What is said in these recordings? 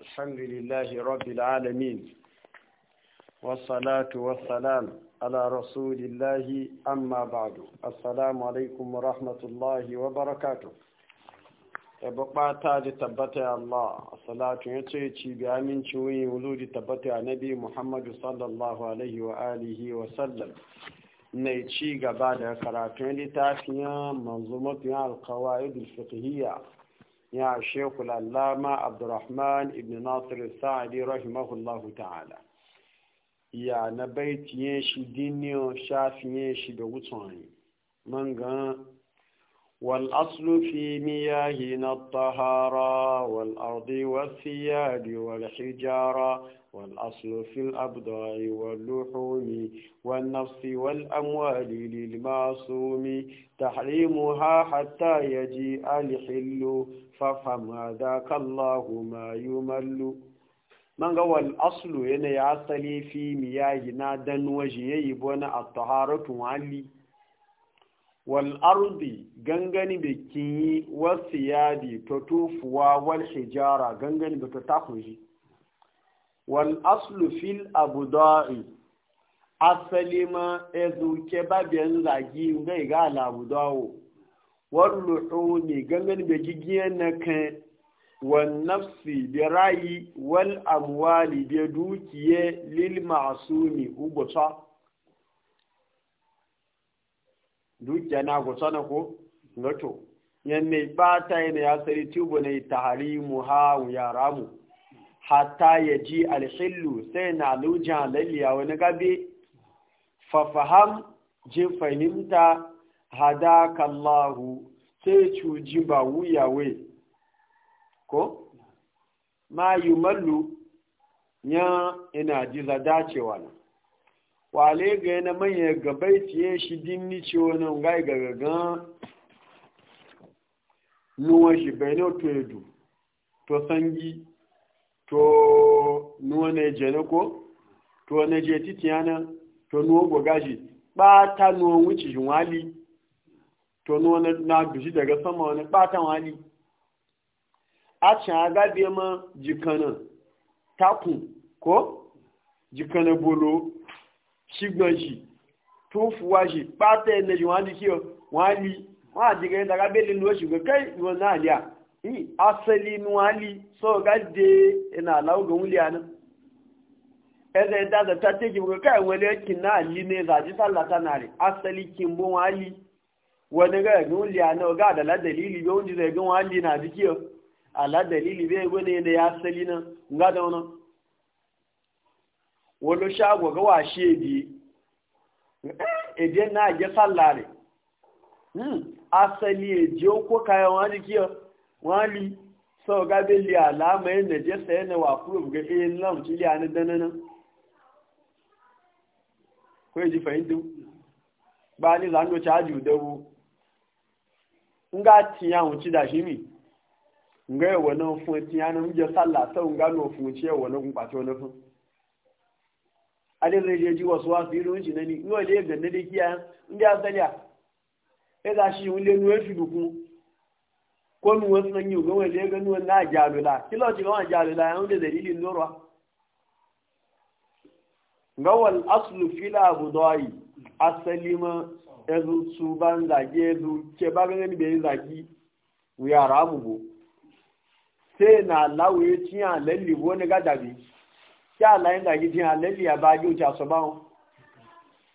الحمد لله رب العالمين والصلاة والسلام على رسول الله أما بعد السلام عليكم ورحمة الله وبركاته يبقى تاج تبتع الله الصلاة يتيجي بأمين شوي ولود تبتع نبي محمد صلى الله عليه وآله وسلم mai ci gaba da karatun littafin manzumatun alkawai da fiqhiyya يا شيخ العلامة عبد الرحمن ابن ناصر السعدي رحمه الله تعالى يا نبيت يشي ديني وشاف يشي بوتواني من والأصل في مياهنا الطهارة والأرض والثياب والحجارة والأصل في الأبضاع واللحوم والنفس والأموال للمعصوم تحريمها حتى يجيء الحل fafam hadaka Allahu ma yumallu man ga wal aslu yana ya asali fi miyahi dan waje yayi bona at-taharatu wali wal ardi gangani da kinyi wasu yadi to tufuwa wal hijara gangani da ta takuji wal aslu fil abudai asali ma ezuke babiyan zagi ga ga labudawo Wan واللحوم da بجيجي نكن والنفس برأي والأموال بدوكي للمعصوم وبطا dukiya na gusa na ko gato yanne ba ta yana ya sari tubu ne mu ha ya ramu hatta ya ji alhillu sai na lujan lalliya wani gabe fafaham je fahimta hadaka Allahu sai cuji ba wuyawe ko ma yi mallu ya ina jiza dacewa na wale ga yana manya gabai tiye shi dinni ce wani gai gagagan nuwa shi bai ne to edu to sangi to nuwa na je ne ko to na je titiyana to nuwa gwagashi ba ta nuwa wuce shi wali to wani na bishi daga sama wani ɓatan wani a can aga biya ma jikana takun ko jikana bolo ṣigban shi tó fuwa shi ɓata yana shi wani kiyo wani wani jikana daga belin lo shiga kai yiwon na aliya yi asali wani so ga de ina lauga wuliya nan ẹzẹ dáadáa tá tẹ́jì mọ̀ káà wọlé kí náà lé ní ẹ̀zà àti sálàtà náà rẹ̀ asali kí n bó wọn á lé wani ga ga wuli a nawa ga da la dalili ga wunji zai ga wali na jiki yau a la dalili bai gwani da ya sali na nga da wani wani shago ga washe bi ebiyan eh, na ga sallare hmm, asali eji okwo kayan wani jiki yau wali sau ga bai li alama yin da jesa yana wa proof ga iya eh, lamci li a na danana ko yaji fahimtu ba ni zango caji dawo nga a wuci da shi mi nga yawa e na fun tiya na muje sallah ta nga no fun ci yawa na kumbace wani fun adin rage ji wasu wasu yi runci na ni in wale ya ganna e da kiyaye in ya zaliya ya za shi wule nuwe fi dukun ko mi wasu nan ya gani na na jalula kila a, gawa jalula ya wunde fila ezu su ban zage ezu ke ba ganin bai zagi wuya bu sai na lawo ya ci a lalli wani gadabi ala yin zagi ji a lalli a ba yau ta sabawo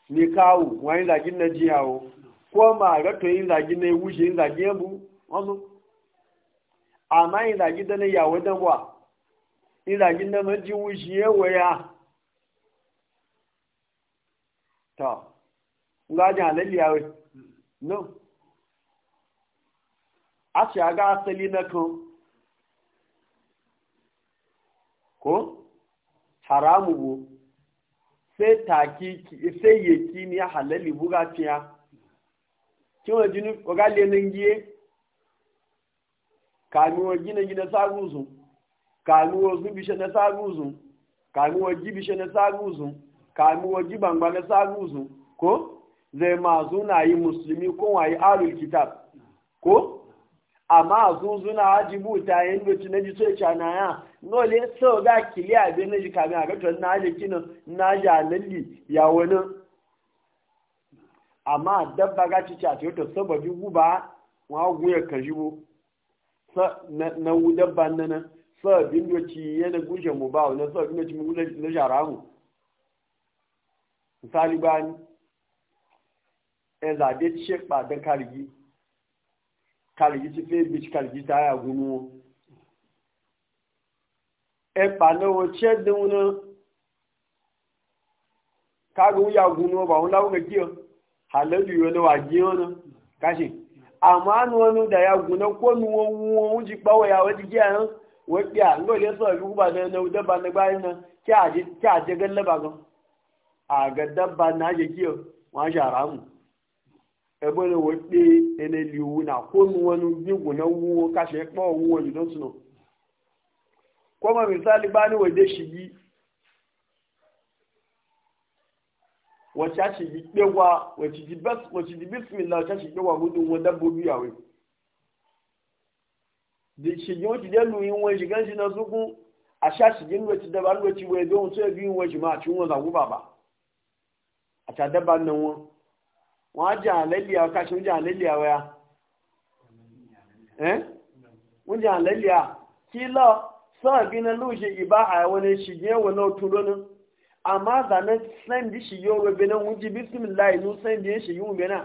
ni kawo wani ji na jiyawo ko ma rato yin na wuce yin yin zagi da na yawo dan yin zagi na ya ngajin halalli yawai no a ce asali na kan ko haramu bu sai taki sai yeki ni a halalli buga tiya kiwon jini ogale nan giye kanuwar gina gina saguzun kanuwar zubishe na saguzun kanuwar jibishe na saguzun kanuwar jibangba na saguzun ko zai ma zuna yi musulmi ko wayi alul kitab ko amma zuzuna ajibu ta yin bitu na ji so na ya no le so ga kili a na naji kamin a gato na je kina na ja lalli ya wani amma dabba ga ci cha to sababi guba wa guye kajibo na dabba nan sabin doci yana guje mu ba wani sabin doci mu na jaramu misali ni. ẹ̀zàdé tí ṣe pàdé kàrìgì kàrìgì ti fẹ́ bí kàrìgì tí a gún wọn ẹ̀pà náà wọ́n ṣẹ́ dínwó náà kágun ya gún wọn bàwọn láwùjọ kí ọ àlejò ìwé náà wà jí wọn náà káṣí àmọ́ àánú wọn ló dà gún náà kó nu wọn wú wọn ó ti pàwọ̀ ya wọ́n ti jẹ́ àná wọ́n pè à ńgọ̀ ilé sọ̀rọ̀ fún bàbá ẹni ọdún dẹ́ba nígbà yẹn náà kí àjẹgẹ́ lẹ́bàá gan àgàdàbà náà yẹ kí ọ wọ́n á ṣe mù. ebe ne wote ene liwu na konu wani gbigu na wuwo kashe kpa wuwo yi don suna kuma misali ba ni waje shigi wacce shigi kpewa wacce di bismillah wacce shigi kpewa gudun wadda bobi yawai da shigi wacce dai luyin wani shigan shi na suku a sha shigin wacce dabar wacce wai don so ya biyun wacce ma a cin wanzu guba ba a ta dabar wani wọ́n á jẹ́ àlẹ́lẹ́ àwọn káṣí oúnjẹ àlẹ́lẹ́ àwọn ya oúnjẹ àlẹ́lẹ́ à kí lọ sọ́ọ̀bí ní ló ṣe ìbá àwọn ṣìyẹ́ wọn náà àmọ́ náà wọ́n jí bísímìlá inú ẹ̀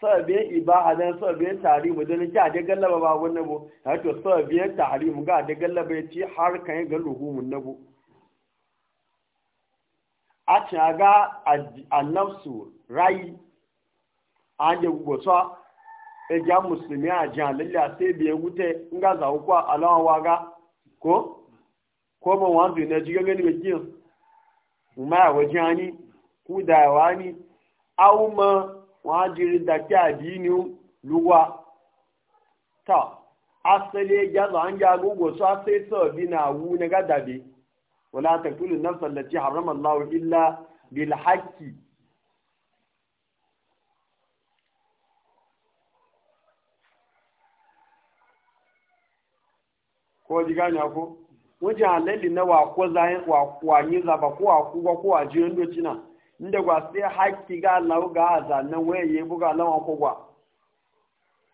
sọ́ọ̀bí ìbá àdán sọ́ọ̀bí tààrí mu ki wani bu tààrí mu ga àdé gallaba ya ci har a ci aga annabsu rayi an yi gbosa ejiya musulmi a jiya lalya sai biyan wute in ga zawo kwa alawan waga ko ko ban wanzu na ji gangani mai kiyan umar waje hani ku da yawa ni awu ma wajirin da ke adini luwa ta asali ya e zawo an jago gbosa sai sau bi na wu na gadabe ولا تقتلوا النفس التي حرم الله إلا بالحق ko ji gane ko wajen halalli na wako zayin wakwani wa ko wakuwa ko a jiyan docina inda gwa sai haƙƙi ga Allah ga haza nan waye ya buga lawan ko gwa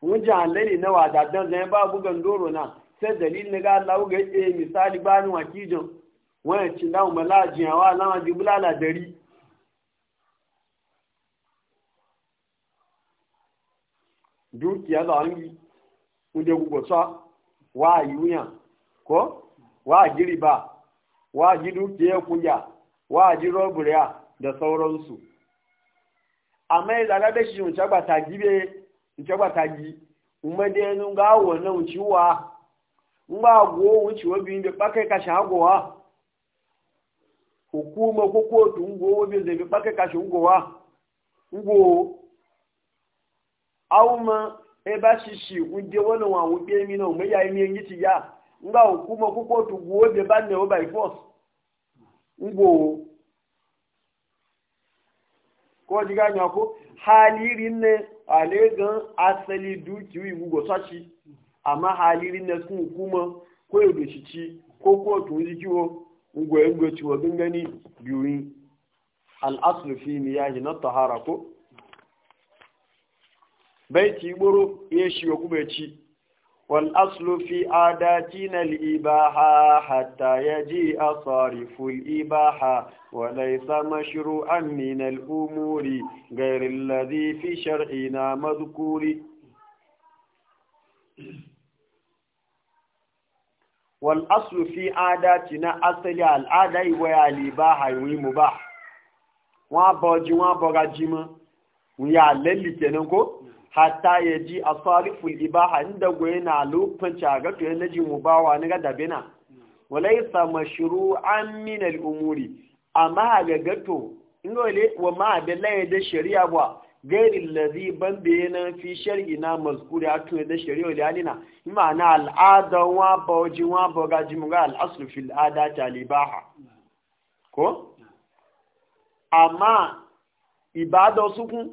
wajen halalli na wadadan zayin ba bugan ndoro na sai dalilin ga Allah ga misali bani wakijin wọ́n ẹ̀ ti láwọn mọ́láàjì àwọn aláwọn ju búláàlà dẹ̀rí. dúkìá làwọn yìí wọ́n jẹ́ gbogbo sọ́ wá àyíwúyàn kọ́ wá àjírìbá wá àjí dúkìá ẹ̀kúnyà wá àjí rọ́bùrẹ́à da sauransu. Amma yanzu ga dashi in ta bata gibe, in ta bata gi, ndị bakai ka ha. hukuma ko kotu ngo bi zai bi baka kashi ngowa ngo auma e ba shi shi unje wani wa wuke mi na mu yayi mi yiti ya nga hukuma ko kotu ngo be ba ne by force ngo ko diga nya ko halirin ne alegan asali dukiyu ibugo sashi amma halirin ne sun hukuma ko yodo shi ci ko kotu goyon goci wa gangani biyoyi al'aslu fi miyahi na tahara ko bai ci gboro iya shi wa kuma ci wal aslu fi adati na ibaha hatta ya ji a sariful ibaha wa laisa mashiru an min al'umuri gairin lazi fi shar'ina mazkuri wal aslu fi adati na asali al'ada iwe aliba haiwi mu ba wọn bọ ji wọn bọra ji mọ wọn yà lẹ́lì kenan ko hatta ya ji a sarifin ibaha inda goyi na lufin cagato yana ji mu bawa na ga dabina walai sama shiru an umuri amma ga gato in wa ma da laye da shari'a ba gairi lazi ban bayyana fi shari'i na mazkuri a tuwa da shari'a da alina ma'ana al'ada wa ba wajen wa ba gaji mu ga al'aslu fil ada talibaha ko amma ibada su sukun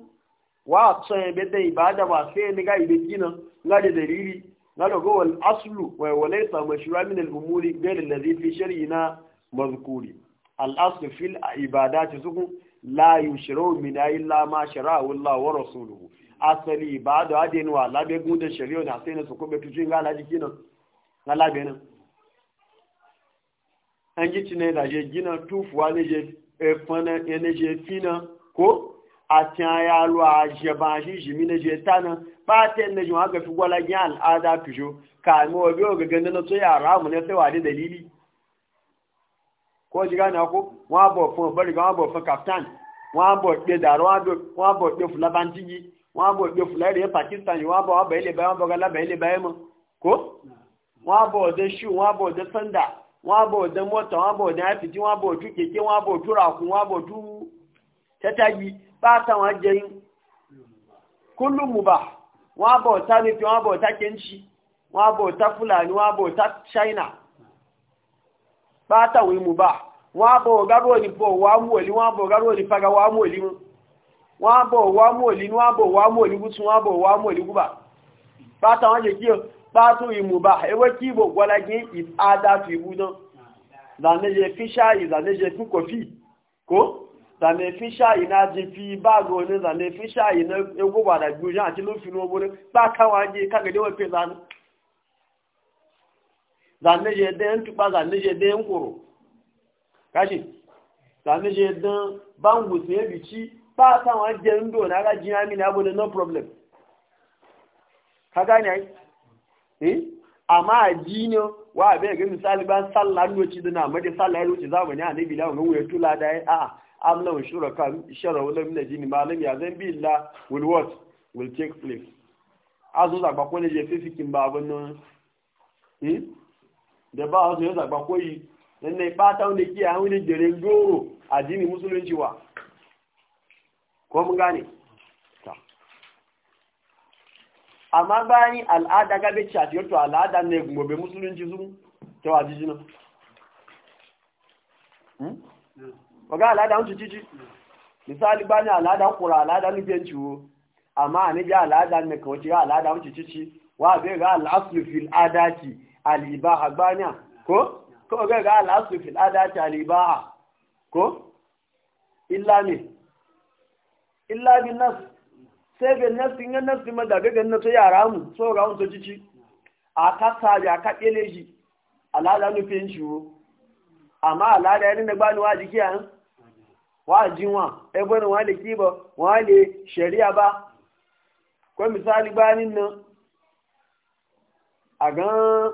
wa tsaye bada ibada ba sai ni ga ibe gina ga da dalili ga da gowal aslu wa walaysa mashru'a min al-umuri gairi lazi fi shari'i na mazkuri al'aslu fil su sukun la yushru min illa ma shara'a Allah wa rasuluhu asali ba da adin wa labe gunda shari'a na sai na su kuma tujin ga laji kinan na labe nan an ji cine da je gina tufuwa ne je fana ne je fina ko a tiya ya lo a je ba shi shi mi ne je tana ba ta ne ji wa ga fi gwala gyan al'ada tujo ka mu obi o ga ganda na so ya ramu ne sai wa da dalili ko ji gane ko wọn bọ fún ọbẹrẹ wọn bọ fún kaftan wọn bọ gbé dàrú wọn bọ gbé fulabantigi wọn bọ gbé fulẹrẹ pakistan wọn bọ ọbẹ ilé báyìí wọn bọ galaba ilé báyìí mọ ko wọn bọ ọdẹ ṣu wọn bọ ọdẹ sanda wọn bọ ọdẹ mọtọ wọn bọ ọdẹ apiti wọn bọ ojú keke wọn bọ ojú rakun wọn bọ ojú tẹtagi báàtà wọn jẹyìn kúlù mùbà wọn bọ ọtá nífi wọn bọ ọtá kẹńtì wọn bọ ọtá fúlàní wọn bọ ọtá china. bata wi mu ba wa bo garo ni po wamu mu eli wa bo garo ni faga wa mu eli mu wa eli wa bo eli gutun wa bo eli guba bata wa je kiyo bata wi ba ewe kibo bo gwala gi is ada fi budan da ne je fisha yi da ne ku kofi ko da ne fisha yi na je fi bago ne da ne fisha yi na egwo bada gbujan ati lo finu obo ne ba ka wa je zane je den tuba zane je den koro kashi zane je den bangu sai bici pa sa wa je ndo na ga jina mi na bo no problem ka gane ai eh amma jino wa be ga misali ban sallah lokaci dana amma da sallah lokaci zamani bi lawo ga wuya tula da ai a'a shura ka shara sharaw mi na jini ma lam zan bi illa will what will take place azu da ba ko ne je fifikin ba abun nan eh hmm? da ba wasu yi zagba koyi don na ipata wanda ke a wani jere goro jini musulunci wa ko mun gane amma bani al'ada gabe shafi yato al'ada ne gobe musulunci sun ta waji jina waga hmm? al'ada wancin cici misali bani al'ada kura al'ada nufin ciwo amma a ni ga al'ada ne kawace ga al'ada wancin cici wa bai ga al'aslu fil adati alibaha gbanya ko ko ga ga al'asu fil adati alibaha ko illa ne illa bin nas sai bin nas in nas ma daga gan nasu yara mu so ga mun cici a kasa ya ka kele shi alada nufin shi wo amma alada yarin da gbani wa jiki an wa jinwa e bani wa da kiba wa da shari'a ba ko misali gbanin nan a gan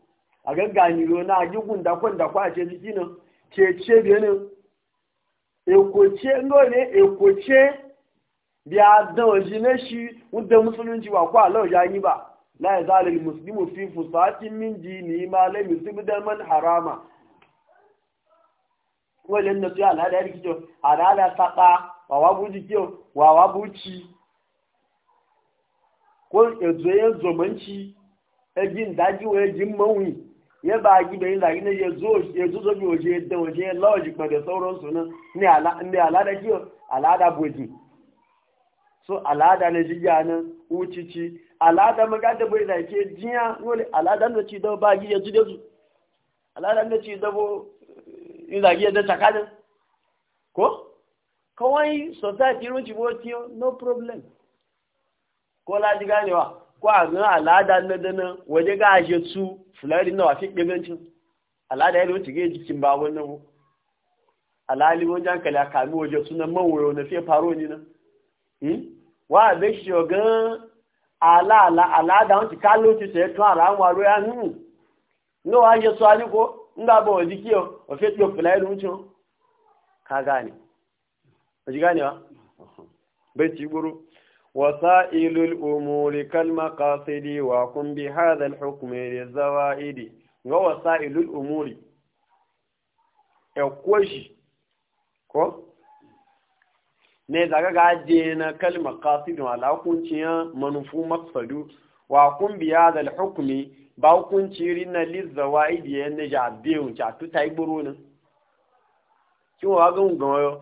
a gagganiro na agigun da kwan da kwa ce jiki nan ce ce benin ekoce ngo ekoce e biya dan oji na shi wanda musulunci wa kwa Allah ya yi ba la yazal al muslimu fi fusatin min dini ma lam yusibdal man harama wale nna tu ala dari kijo ala ala sapa wa wabuji kijo wa wabuci ko ezo ya manci egin daji wa ya ba gi bai la gina ya zo ya zo zo waje da waje logic ba da sauran su nan ne ala ne ala da kiyo ala da boji so ala da ne jiya nan ucici ala da maga da bai da ke jiya wani ala eh, da ne ci da ba gi ya ji da su ala da ne ci da bo in da gi da da ko kawai society run ci bo no problem ko la diga ne wa ko a gan dana waje ga aje su fulari na wafi ɗigancin al'ada ya wuce ga jikin ba wannan ko al'ali wajen kala kami waje su na mawuyo na faro hmm? wa be shi gan al'ala al'ada wanti kalo ti tun ara an ya nnu ní bọ̀ وسائل الأمور كالمقاصد وقم بهذا الحكم للزوائد ووسائل الأمور يقوشي ko ne daga gaje na kalmar kasidun alakunciyar manufu maksadu wa kun da hukumi ba hukunci rina lizzawa idiyar na tuta igboro nan kiwa ga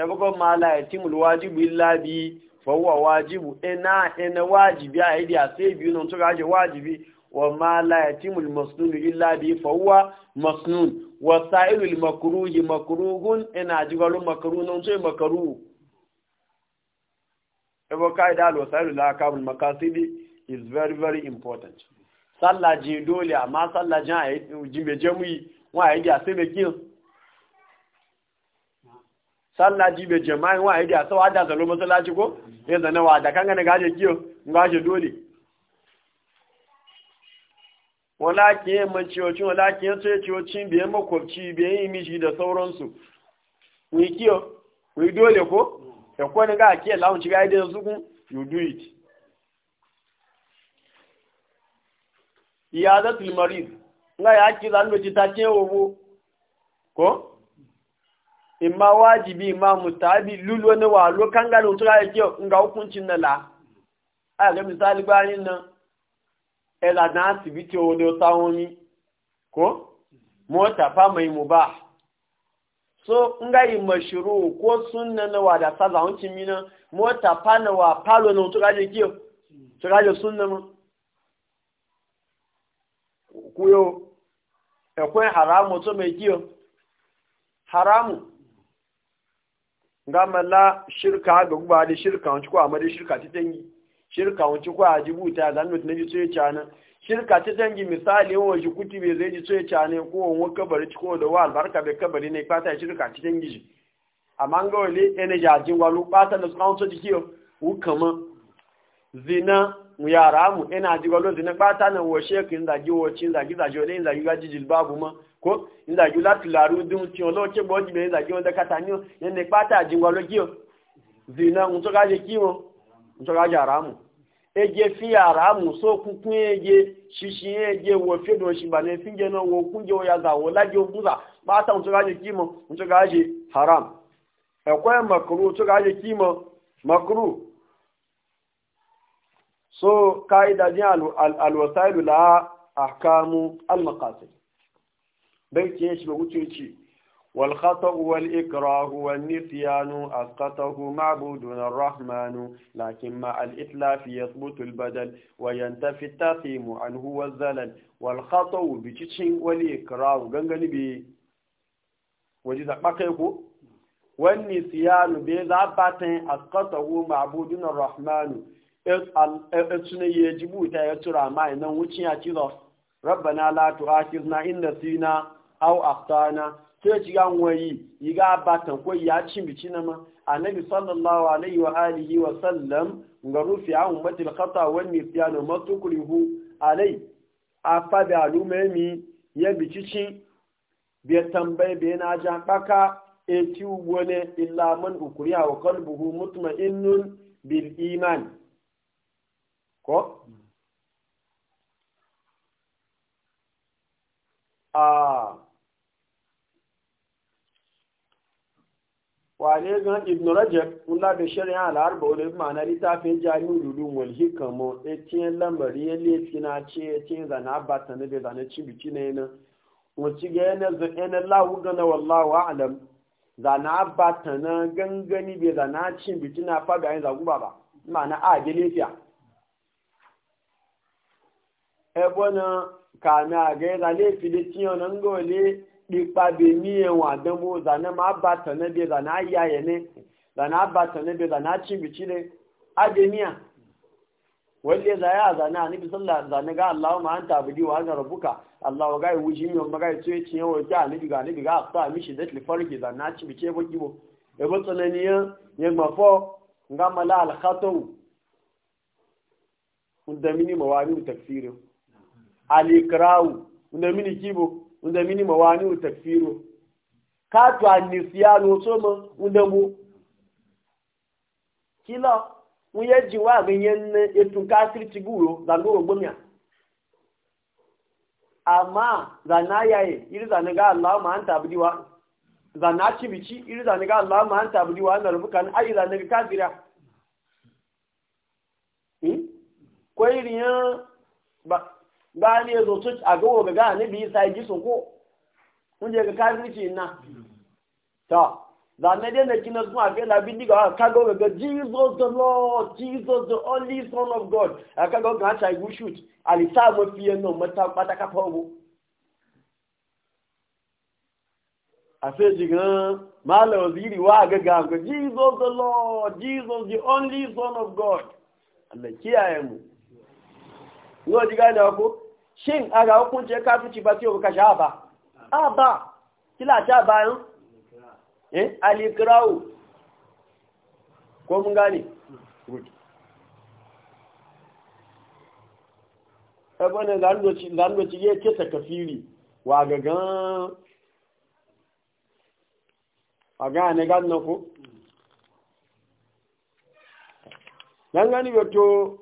ẹgbẹ́gbẹ́ ma la ẹ̀tìmù lọ́wájìbù ìlàbí fọwọ́ wájìbù ẹ̀nà ẹ̀nà wájìbí àìdí àti ìbí náà tó rájẹ wájìbí wọ́n ma la ẹ̀tìmù mọ̀sùnún ìlàbí fọwọ́ mọ̀sùnún wọ́n tó ìmọ̀kúrú. ẹgbẹ́ makasidi is very very important. dole àmọ́ sallajin àìdí sallaji bai jama'in wa idi a sau hada zalo masallaci ko ya zana wa da kan gane gaje kiyo gaje dole wala ke yamman ciyocin wala ke yanzu ya ciyocin biyan makwabci biyan yi miji da sauransu ni kiyo ni dole ko ya kwani ga ke lawun ci ga idan zugun you do it iyadatul marid nga ya ki zan ci ta ce wo ko imma wajibi imma mustahabi lulu wa walo kan na wutu ga yake nga hukuncin na la a ga misali e na e ela na o wani tsawoni ko mota fa mai mu ba so nga ga yi mashuru ko sunna na wa da saza huncin na mota fa na wa palo na wutu ga yake wutu ga yake sunna mu kuyo ekwe haramu tó mẹ́ kí haramu gama shirka ga guba da shirka wanci ko amma da shirka ta tangi shirka wanci ko a jibuta da annabi na ji ya cana shirka ta tangi misali yawan shi kuti bai zai ji ya cana ko wani kabari ko da wa albarka bai kabari ne fata shirka ta tangi amma ga wale ja jin walu fata da tsawon so jikiyo hukuma. zina mu yara mu ina ji gwalo zina kpata na wo shek in zagi wo cin zagi zagi ole in zagi gaji jilbabu ma ko in zagi la tularu dun ti olo ke bo jibe in zagi on da katanyo yen ne bata ji gwalo giyo zina mu to ga je kiwo mu to ga ja ramu eje fi yara so kukun eje shishi eje wo fi do shi ba ne fi je na wo kunje wo ya za wo laje o buza bata mu to je kimo mu to ga je haram ekwe makru to ga je kimo makru so ka'ida jin alwasailu la ahkamu almaqasid bai ce shi ba wuce ce wal khata'u wal ikrahu wan nisyanu asqatahu ma'budun arrahmanu lakin ma al itlafi yathbutu al badal wa yantafi taqimu anhu wal zalal wal khata'u bi cicin suna yi ji buta ya tura ma ina wucin ya cizo zaf rabbana la tu'akhizna in nasina aw akhtana sai ci ga yi ga batan ko ya ci bici na ma annabi sallallahu alaihi wa alihi wa sallam ga rufi an ummatil khata wa nisyan matukrihu alai afa da alumemi ya bici ci bi tambaye be na jan baka e ci wani illa man ukriya wa buhu mutma'innun bil iman ko a wane gan ibn rajab kula da shari'a al'arba wani ma'ana littafin jami'in lulun walhi kamo etiyan lamari ya e lefi e na ce etiyan zana bata na da zane cibiki na yana wacce ga yana yana lawu gana wallawa alam zana bata na gangani bai zana biki na faga yin zaguba ba ma'ana a ga ebe na ka na aga ya le fi de ti ona ngo le di pa be mi e wa dan bo za na ma ba na be za na ya ye ne za na ba ta na be za na chi bi chi ne a de miya wanda za ya za na ni bi sallah za na ga Allahu ma anta budi wa ga rabbuka Allah wa ga wuji mi ma ga tsoye ci yawo ta ni ga ni ga sa mi shi da tilfarki za na chi bi ce bo kibo e bo tsananiya ne ma fo ngama la al khatu undamini mawani tafsirin alikrawu unda mini kibo unda mini mawani utakfiru katu anisiyanu soma unda mu kila muye jiwa ganyen etun kasiri tiguyo zangoro gbomiya Ama za yaye iri zane ga Allah ma an tabdiwa zana cibici iri zane ga Allah ma an tabdiwa na rubukan ayi za zane ga kafira eh hmm? ko iriyan ba gani zo su a gawo ga ga ne biyi sai ji sun ko kun je ga kafirci na to da ne den da kinas mu afi la bi diga ka go ga Jesus the Lord Jesus the only son of God aka go ga ta igu shoot ali sa mo fi e no mata pata ka pogo afi jigan mala waziri wa ga ga Jesus the Lord Jesus the only son of God Allah kiyaye mu yóò di gane ko shin a ga hukunce kafici ba sai ka sha ba a ba kila sha bayan eh alikrawu ko mun gane good ebe ne zandoci ya kisa kafiri wa gagan a gane gane ko gangani hmm. wato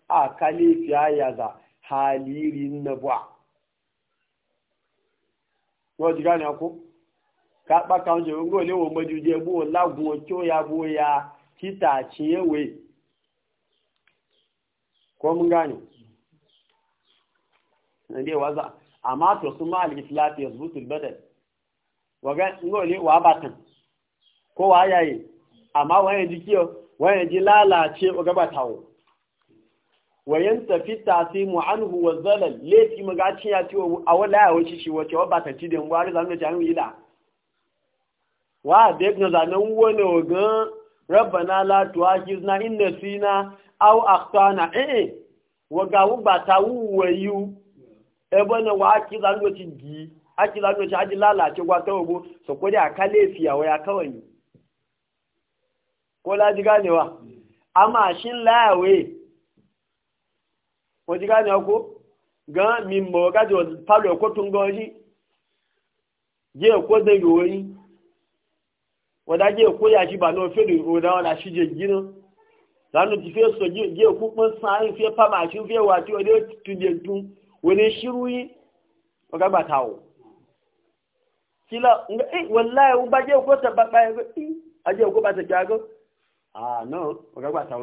a kali ya za halirin na buwa wọ́n ti gánà kó kápá kan jẹ́ ogún olówó mọ́jújẹ́ bó lágùn ọjọ́ ya bó ya títà àṣíyẹ́wé kọ́ mú gánà ndé wáza àmá tó súnmọ́ àlìfìláti ẹ̀sùbùtù bẹ́tẹ̀ wọ́gẹ́ ngọ́ olé wà bàtàn kó wọ́n wayan tafi tasimu anhu wa zalal laifi magacin ya ciwo a wala ya wuce shi wace wa ba ta ci da mu har zamu ila wa da yake zanen wani ga rabbana la tu'akhizna in nasina aw akhtana eh, eh. wa ga wu ba ta wu wayu e na wa aki zamu ci gi ci aji lalace gwa ta obo ka ya waya kawai ko la ji ganewa amma shin wọ́n ti ká ní ọkọ́ gan mi mọ̀ kájọ pálọ̀ ẹ̀kọ́ tó ń gan rí jẹ́ ẹ̀kọ́ dẹ̀ yòó rí wọ́n dá jẹ́ ẹ̀kọ́ yà ṣìbà náà fèrè òdà wọn là ṣìjẹ́ jìnnà lánàá ti fẹ́ sọ jẹ́ ẹ̀kọ́ pọ́n sáà ń fẹ́ pàmò àti fẹ́ wà tí ọdẹ tún jẹ tún wọ́n lè ṣírú yín wọ́n ká gbàtà o. kila nga eh wallahi un baje ba ba eh aje ba ta jago ah no wọ́n ká gbàtà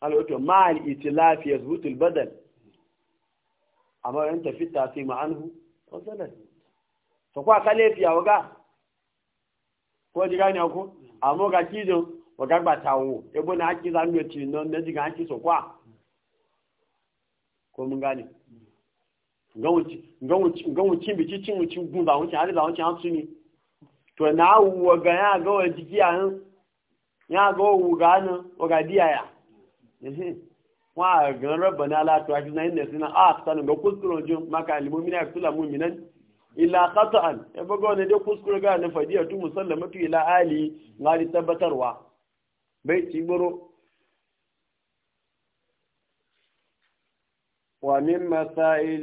alwato ma'al itilafi yazbutul badal amma yan tafi tasimu anhu wasalan to kwa kale fiya waga ko ji gani ko amma ga kijo waga ba tawo ebo na aki zan yo ci non na ji ga aki so kwa ko mun gani ngawuci ngawuci ngawuci bi ci cin wuci gun ba wuci har da wuci an suni to na wuwa ga ya ga wa jikiya ya ga wuga nan waga diya ya wọn a gan rọba ní aláàtọ àti náà ilẹ̀ sínú a sanu ga kuskuro jù maka alimomi na yasula muminan ila qata'an ya bugo ne dai kuskuro ga na fadiya tu musallamatu ila ali ngari tabbatarwa bai ci buru ومن مسائل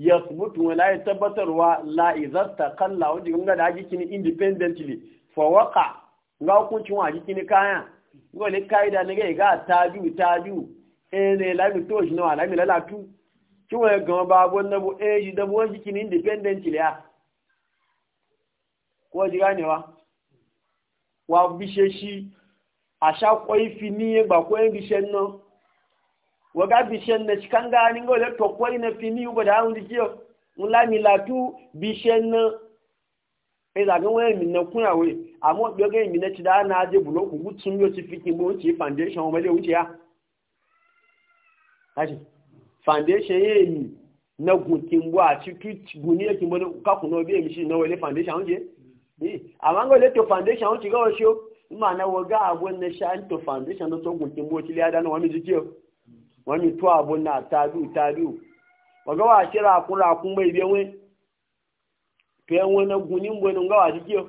ya mutu wala ya wa la izasta kalla wanda kun ga da haji kini independently fa waqa ga hukuncin wa haji kini kaya wani kaida ne ga ga taju taju eh ne la mi to shi no ala mi la la tu ki wa ga ba bon na bu eh ji da bu haji kini independently ya ko ji gane wa wa bishe shi asha koi fini ba ko en bishe no waga bishen na cikin ganin ga wadda kwai na fini uba da hannun jikiyo nla milatu bishen na ezagen wani min na kuna we amma ɗoga min na ci da na aje buloku gutsun yau ci fikin bo wuce foundation wa male wuce ya kashi foundation ya yi na gunkin bo a ci guni ya kimbo ka kuna obi emi shi na wale foundation wuce amma ga wadda to foundation ci ga wasu ma na waga abuwan na sha'an to foundation na to gunkin bo ci liya da na wani jikiyo wani to abun na tabiu tabiu waga wa shira kura kun bai bi wen to yan na gunin gwanin ga wa dike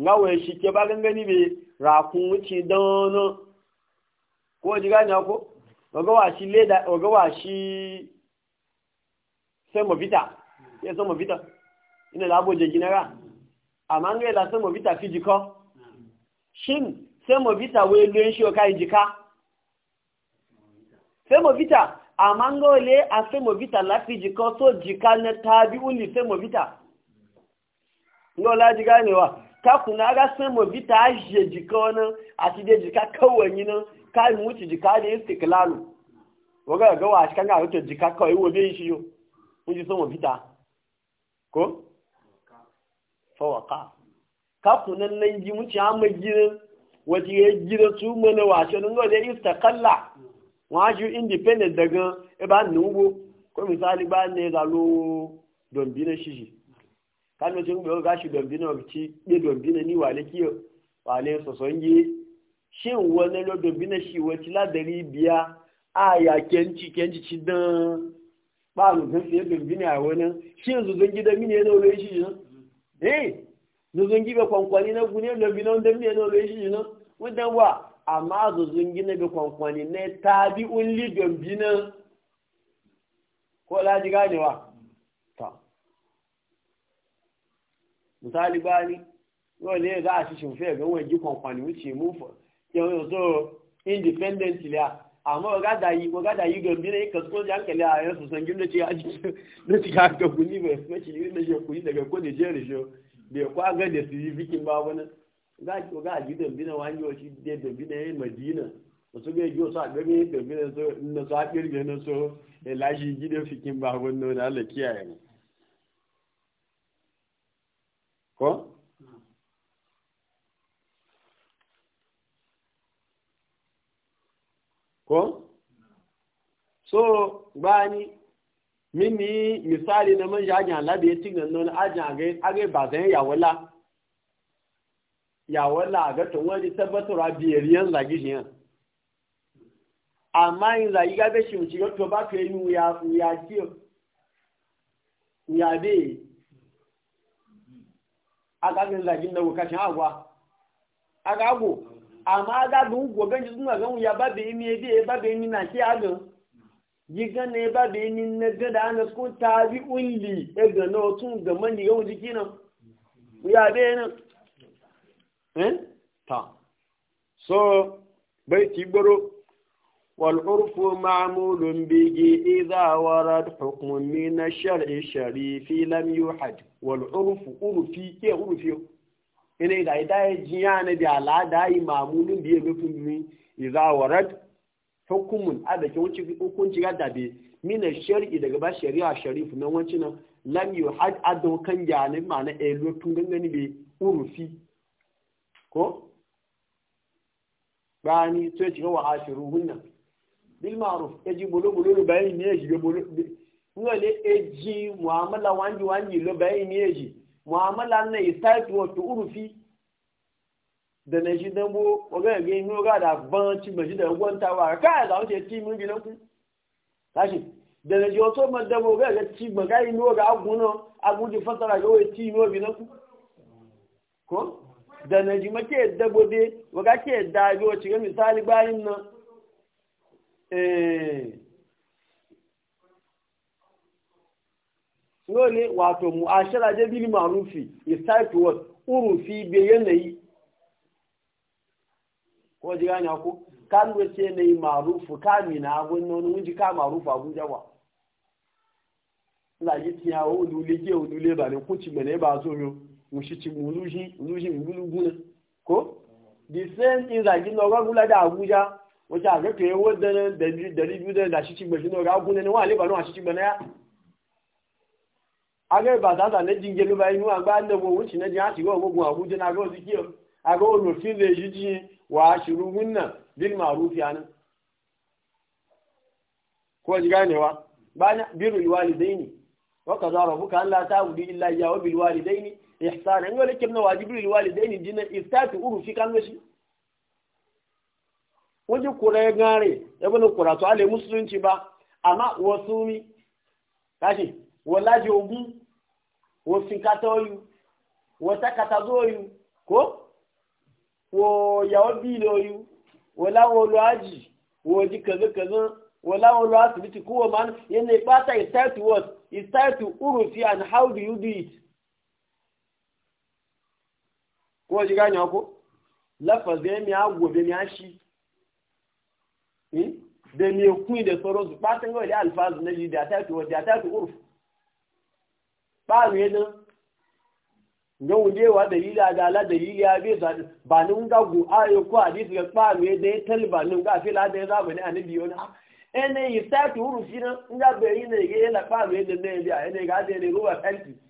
nga we shi ke ba gangani bi ra kun wuce don ko ji gani ko waga wa shi leda waga wa shi sai mu vita ya sai mu vita ina labo je ginara amma ngai la sai mu vita fijiko shin sai mu vita we lo yin shi o kai jika femovita amma wale a femovita lafi jikan so jika na tabi'un ni femovita ngola ji ganewa kakuna aga femovita ajiye jika wani a ti de jika kawai nan kayi muci jika da yin stikilalu waga ga wa cikin ga wuce jika kawai wo bai shi yo kun ji femovita ko fawaka kakunan nan ji muci amma gidan wajen gidan su mana washe ngole istakalla wọ́n á ju independent dẹ̀gan ẹ bá nù kó misali bá ní ẹ̀dá ló ṣíṣì kánú tí ń gbé ọgá ṣe dọ̀m̀bí gbé dọ̀m̀bí ní wàlẹ́ kí wàlẹ́ sọ̀sọ̀ ń yé ṣé ń wọ ní lọ́dọ̀m̀bí náà ṣì wọ ti ládẹ̀rí bíá àyà kẹ́ńtì kẹ́ńtì ti dán páàlù kan fi dọ̀m̀bí náà náà ṣé ń zòzò jí dẹ́mí ní náà náà amma zuzun gina bi kwankwani ne ta bi unli gambinin ko laji ganewa ta misali bani yau ne za a ci shimfe ga wani kwankwani wuce mufa yau yau zo independent liya amma ga da yi ga da yi gambi ne ka tsoji hankali a su san gina ce a jikin na cika ga kuni bai mace yi na shekuni daga kone shi bai kwa ga da su yi bikin babu nan ga ji dambi na wani yoshi da dambi na yin madina wasu ga yi wasu agbebe yin dambi na so na so akirge na so ya gidan fikin babon nuna ala kiyaye ne. ko ko so bani mini misali na manja ajiyar labe tinan nan ajiyar agai ba zan yawon la ya wala a to wani tabbatar biyar yin zagi ne amma yin ga gabe shi mace gato ba ka yi ya ce ya be a gagin zagin da wakashin agwa a go, amma a gagin gogon jisun a gan ya ba babbe yi mai ba babbe yi na ke Yi giga ne ba da yi na gada na su ta bi unli e ya gano tun ga mani yawon jiki nan ya bayanin Eh? ta so bai ti gboro wal urfu ma'mulun bihi idha na hukmun min ash-shar'i sharifi lam yuhad wal urfu fi ya qulu fi ina ida ida e jiya ne bi ala dai ma'mulun bihi e be fun mi idha warad hukmun ada ke wuci ko kun ji gada be min ash-shar'i daga ba shari'a sharifu nan wancin nan lam yuhad adu kan jani mana elo tun ganni be urufi ko bani to ya shiga wa ashiru hunna bil ma'ruf eji bolo bolo lo bayi ni eji bolo ngo le eji muamala wanji wanji lo bayi ni eji muamala na isaitu wa turufi da na shi dan bo o ga ge ni o ga da ban ti maji da won ta wa ka da o je ti mu bi na ku tashi da na ji o ma da bo ga ga ti ma ga ni o ga agun na agun ji fatara ga o ti ni o bi na ku ko da na ji make yadda gobe waga ke yadda abi wacce ga misali bayan nan eh. Nole wato mu'ashara je bili ma'rufi is type what urufi be yanayi ko ji gane ko kan wace yanayi ma'rufu kamina agun nan mun ji ka ma'rufu agun jawa la yi tiya o dule ke o dule ba ne ku ci mene ba so yo mushi muluji mulushi guluguna ko the same thing that da ọgọ́ da dá àgújá wọ́n ti àgbẹ̀kẹ̀ da dẹ́nà dẹ̀rí bí dẹ́nà dà da gbẹ̀ṣí náà ọgọ́ gúnlẹ̀ níwọ̀n àlébà náà ṣíṣí gbẹ̀nà yá agbẹ̀bà sáta ní jíjẹ ló bá da da lẹ́wọ̀ òun da jẹ́ àṣìwọ̀ ogun àgújá náà agọ́ sí kí ọ agọ́ olùfín lè yí jí wà á ṣùrù wúnà bínú àrú fi àná kó o jìgá nìwa bá bírù ìwà lìdẹ́yìn wọ́n kà ihsana ngole kemna wajibul walidaini jina iftati urufi kan gashi waje kura ya gare ya bani to ale musulunci ba amma wasumi kashi wallahi ogun wasu katoyu wata katazoyu ko wo yawo biloyu wala wolo aji kaza kaza wala wolo asibiti ko man yana ba ta iftati was iftati urufi and how do you do it ko ji gane ko lafazin mi a gobe mi a shi hmm? da mi kun da sauran su fatan gawai da alfazu na jida ta fi wajen ta fi urfu ba mu yadda ga wujewa dalila da ala dalili ya bai zaɗi ba nun ga gu ayo ko hadisi ga ba mu yadda ya talba nun ga fila da ya zaba ne a na biyo na ene yi ta fi shi na in ga bayi ne ga yana ba mu yadda ne ya biya ene ga da ya ne ruwa fenti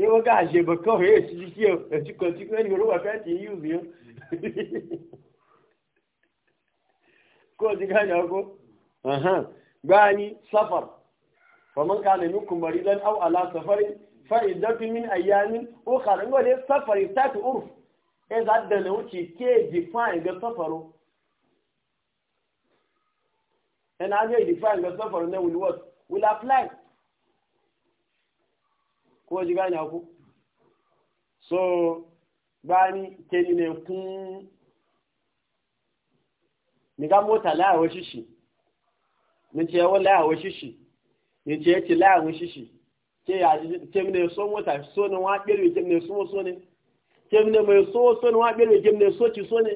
ṣé wọ́n káà ṣe bọ̀kọ́ rẹ̀ èsì kí ọ èsì kan tí wọ́n ní olówó fẹ́ ti yíù mí o kó o ti safari min àyàmí ó kàrọ̀ ń safari sáàtì urf ẹ̀ zá dẹ̀nà ó ti kéèjì fáìn gẹ́ safaro ẹ̀ náà á gẹ́ ìdí fáìn gẹ́ ko ji gane ku so bani keni ne kun ni ga mota la shishi ni ce wa la shishi ni ce ce la shishi ke ya ke ne so mota so ne wa birwe ke ne so so ne ke ne mai so so ne wa birwe ke ne so ci so ne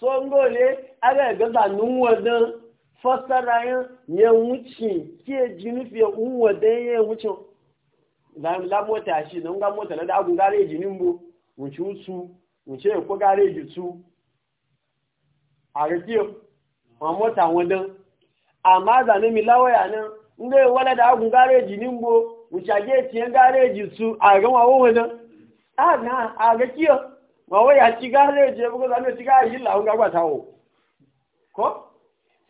so ngole aga ga za nun wadan fasara ya wuce ke jinufi yan wadan yan wucin zan la mota shi na nga mota na da agun gareji nimbo mun ci usu mun ce ko gareji su a ma mota wadan amma zane mi lawaya nan na ga e wala da agun gareji nimbo mun shage tiyan e gareji su a ga wawo wadan a na a e ga kiyo ma waya ci gareji ba ko zane ci gareji la ga ba tawo ko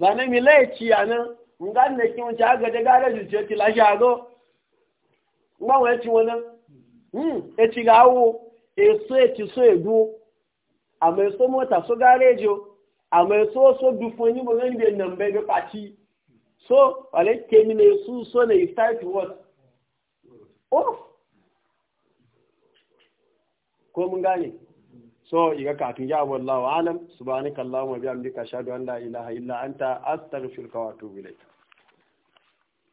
zane mi lai ci yana mun ga ne ci aga da gareji ti la shago ngbanwe eti wona hmm eti gawo eso eti so egu ama eso mota so garejo ama eso so dufo ni mo ngani be nambe be pati so wale kemi na eso so na start what off ko mun gane so iga katun ya wallahu alam subhanakallahumma bihamdika ashhadu an la ilaha illa anta astaghfiruka wa atubu ilayk